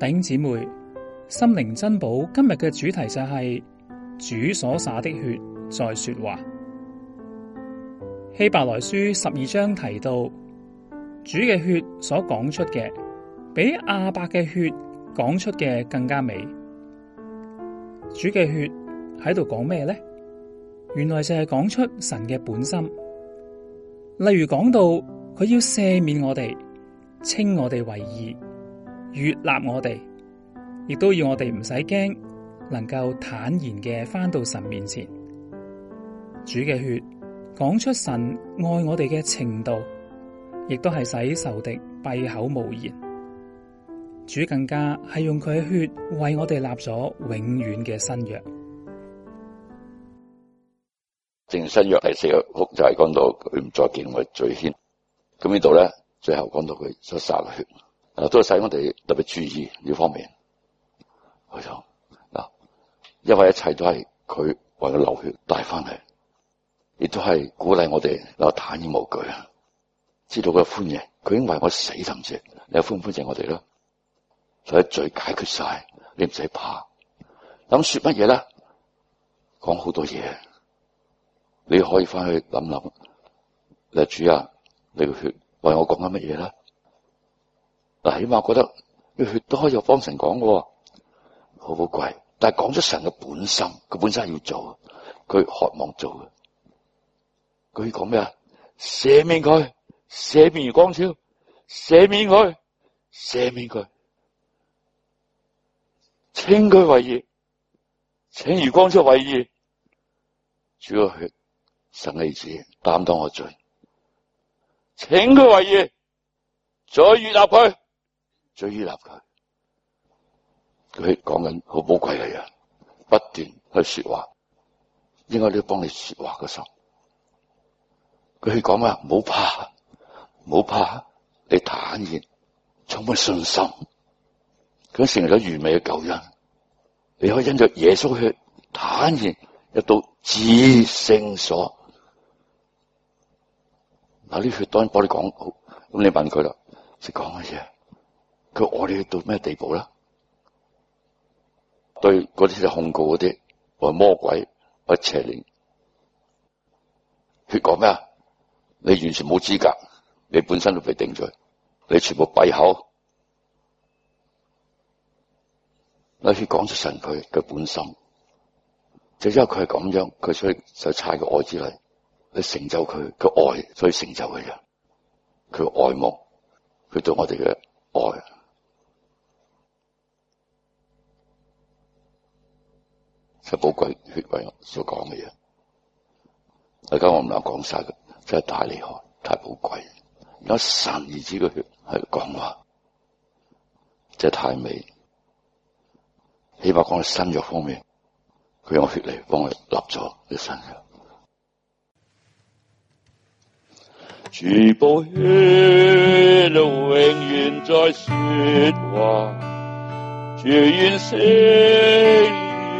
弟兄姊妹，心靈珍寶，今日嘅主題就係、是、主所灑的血在說話。希伯來書十二章提到，主嘅血所講出嘅，比亞伯嘅血講出嘅更加美。主嘅血喺度講咩呢？原來就係講出神嘅本心。例如講到佢要赦免我哋，稱我哋為義。越悅納我哋，亦都要我哋唔使驚，能夠坦然嘅返到神面前，主嘅血講出神愛我哋嘅程度，亦都係使仇敵閉口無言。主更加係用佢嘅血為我哋立咗永遠嘅新約。正新約係四個福就係講到佢唔再記念我罪愆，咁呢度咧最後講到佢所灑嘅血。都係使我哋特別注意呢方面。佢就嗱，因為一切都係佢為我流血帶翻嚟，亦都係鼓勵我哋嗱，坦然無懼，知道佢歡迎，佢因為我死咁謝，你歡唔歡迎我哋咯？所以罪解決晒，你唔使怕。諗說乜嘢咧？講好多嘢，你可以翻去諗諗。主你主啊，你個血為我講緊乜嘢咧？嗱，起碼我覺得血都可以有方神講嘅，好好貴。但係講出神嘅本心，佢本身係要做，佢渴望做嘅。佢講咩啊？赦免佢，赦免余光昭，赦免佢，赦免佢，稱佢為義，稱余光昭為義，主嘅血，神兒子擔當我罪，稱佢為義，再悅納佢。最依立佢，佢講緊好寶貴嘅嘢，不斷去說話，應該都要幫你說話嘅神。佢去講啊，唔好怕，唔好怕，你坦然，充滿信心。佢成為咗完美嘅救恩，你可以因着耶穌血坦然入到至聖所。嗱，啲血當然幫你講好，咁你問佢啦，識講乜嘢？佢愛你到咩地步啦？對嗰啲就控告嗰啲為魔鬼，為邪靈，血講咩啊？你完全冇資格，你本身都被定罪，你全部閉口。那血講出神佢嘅本心，就因為佢係咁樣，佢所以就差個愛之愛去成就佢，佢愛所以成就佢人，佢愛慕，佢對我哋嘅愛。係寶貴血為我所講嘅嘢，而家我唔能講晒嘅，真係大厲害，太寶貴。而家神兒子嘅血喺講話，話，真係太美。起碼講喺新約方面，佢用血嚟幫我立咗嘅新約。主寶血就永遠在說話，主完成。